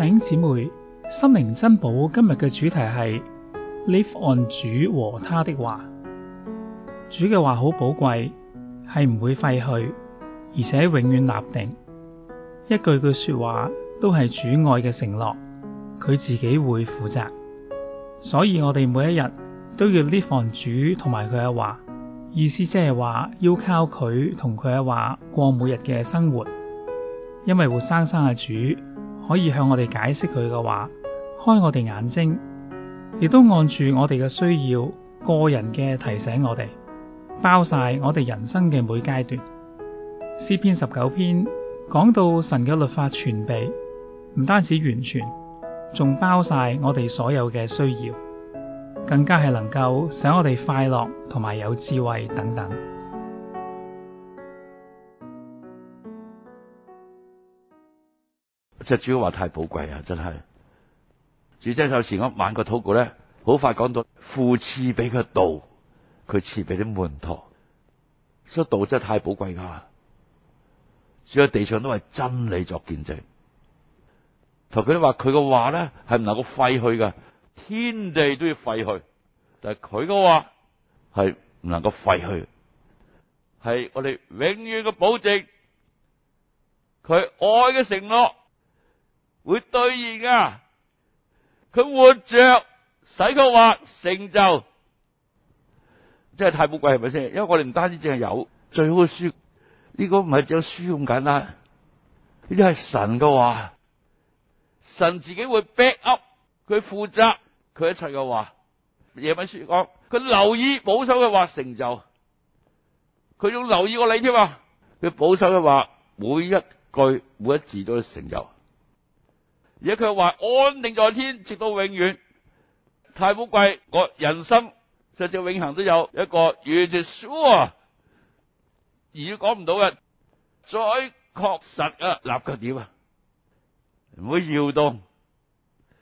弟兄姊妹，心靈珍寶今日嘅主題係 Live on 主和祂的話。主嘅話好寶貴，係唔會廢去，而且永遠立定。一句句說話都係主愛嘅承諾，佢自己會負責。所以我哋每一日都要 Live on 主同埋佢嘅話，意思即係話要靠佢同佢嘅話過每日嘅生活，因為活生生嘅主。可以向我哋解釋佢嘅話，開我哋眼睛，亦都按住我哋嘅需要，個人嘅提醒我哋，包晒我哋人生嘅每階段。詩篇十九篇講到神嘅律法全備，唔單止完全，仲包晒我哋所有嘅需要，更加係能夠使我哋快樂同埋有智慧等等。即係主要話太寶貴啊，真係。主席有時我萬國禱告咧，好快講到父賜俾佢道，佢賜俾啲門徒，所以道真係太寶貴噶。所有地上都係真理作見證，同佢哋話佢嘅話咧係唔能夠廢去嘅，天地都要廢去，但係佢嘅話係唔能夠廢去，係我哋永遠嘅保證，佢愛嘅承諾。會兌現噶，佢活着使佢話成就，真係太寶貴係咪先？因為我哋唔單止淨係有最好嘅書，呢、這個唔係只有書咁簡單，呢啲係神嘅話，神自己會 back up 佢負責佢一切嘅話。耶利米書講佢留意保守嘅話成就，佢仲留意過你添啊！佢保守嘅話每一句每一字都成就。而家佢話安定在天，直到永遠。太寶貴，我人生甚至永恆都有一個完全 sure，講唔到嘅，再確實啊，立腳點啊，唔會搖動。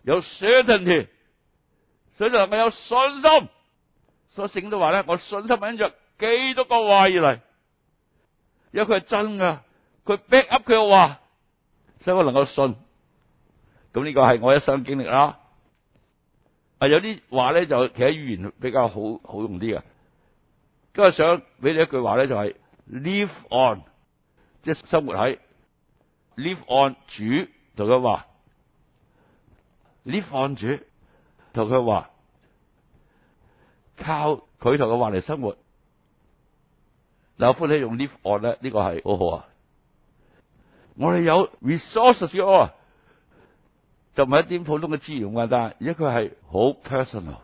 有 certainty，所以就能夠有信心。所聖經都話咧，我信心憑着基督嘅話而嚟，如果佢係真噶，佢 back up 佢嘅話，所以我能夠信。咁呢個係我一生經歷啦，啊有啲話咧就其實語言比較好好用啲嘅，今日想俾你一句話咧就係、是、live on，即係生活喺 live on 主同佢話 live on 主同佢話靠佢同佢話嚟生活，嗱歡喜用 live on 咧呢個係好好啊，我哋有 resources 就唔係一啲普通嘅資源㗎，但係而家佢係好 personal，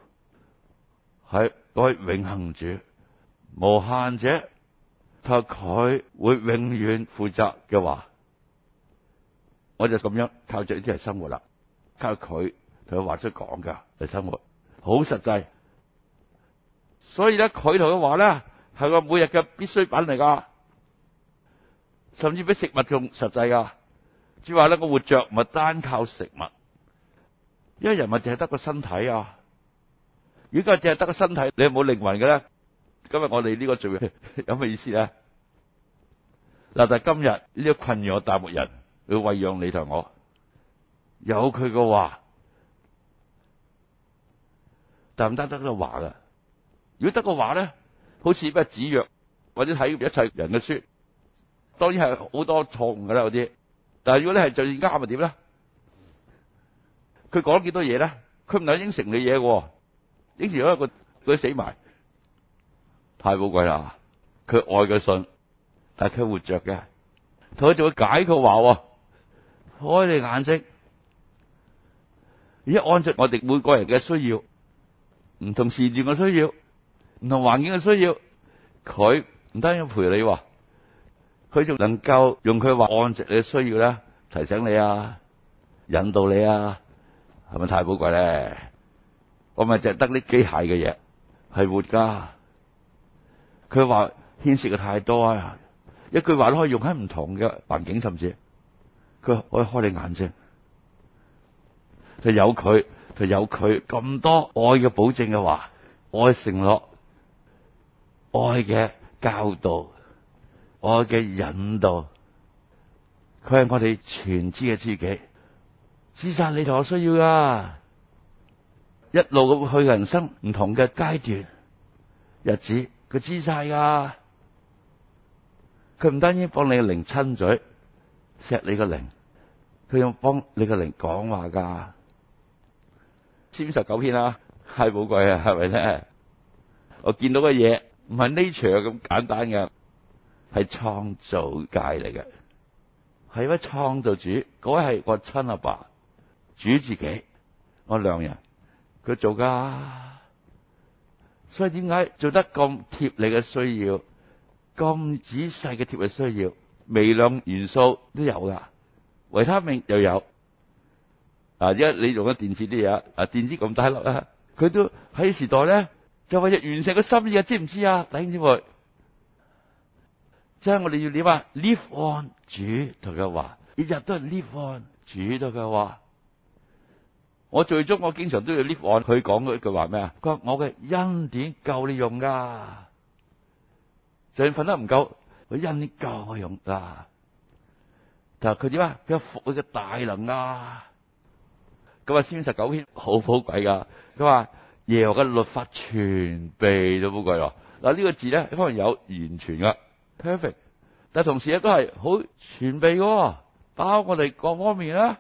係，我係永恆主、無限者，同佢會永遠負責嘅話，我就咁樣靠着呢啲嚟生活啦。靠佢同佢話出講㗎嚟生活，好實際，所以咧，佢同佢話咧係個每日嘅必需品嚟㗎，甚至比食物仲實際㗎。只話咧，個活着唔係單靠食物。因為人物淨係得個身體啊，如果淨係得個身體，你有冇靈魂嘅咧？今日我哋呢個聚會有咩意思咧？嗱，但係今日呢個困擾大牧人，要餵養你同我，有佢嘅話，但唔得得個話嘅。如果得個話咧，好似咩子曰或者睇一切人嘅書，當然係好多錯誤嘅啦啲。但係如果你係最啱，咪點咧？佢講咗幾多嘢咧？佢唔係應承你嘢嘅，應承咗一個佢死埋，太寶貴啦！佢愛嘅信，但係佢活著嘅，佢仲會解佢話，開你眼睛，而家按著我哋每個人嘅需要，唔同時段嘅需要，唔同環境嘅需要，佢唔單止陪你喎，佢仲能夠用佢話按著你需要咧，提醒你啊，引導你啊。係咪太寶貴咧？我咪淨係得呢機械嘅嘢，係活噶。佢話牽涉嘅太多啊，一句話都可以用喺唔同嘅環境，甚至佢可以開你眼睛。佢有佢，佢有佢咁多愛嘅保證嘅話，愛承諾，愛嘅教導，愛嘅引導，佢係我哋全知嘅知己。知晒你同我需要噶，一路咁去人生唔同嘅階段日子佢知晒噶，佢唔單止幫你個靈親嘴錫你個靈，佢又幫你個靈講話噶。《詩十九篇》啊，太寶貴啊，係咪咧？我見到嘅嘢唔係 nature 咁簡單嘅，係創造界嚟嘅，係位創造主？嗰位係我親阿爸。主自己，我兩人佢做噶，所以點解做得咁貼你嘅需要，咁仔細嘅貼嘅需要，微量元素都有噶，維他命又有，嗱一你用緊電子啲嘢，啊電子咁大粒啊，佢都喺時代咧就為咗完成個心意啊，知唔知啊，弟兄姊妹，即係我哋要點啊，live on 主同佢話，日日都係 live on 主同佢話。我最終我經常都要 lift 案，佢講嗰一句話咩啊？佢話我嘅恩典夠你用噶，就算瞓得唔夠，佢恩典夠我用噶。但係佢點啊？佢服佢嘅大能啊！咁啊，詩十九篇好寶貴噶。佢話耶和華嘅律法全備都寶貴。嗱呢個字咧，可能有完全噶 perfect，但係同時咧都係好全備嘅，包我哋各方面啦。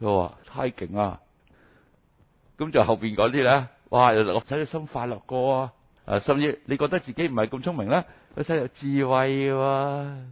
佢話太勁啊！咁就後邊嗰啲啦，哇！落仔嘅心快樂過啊，啊，甚至你覺得自己唔係咁聰明啦、啊，佢使有智慧、啊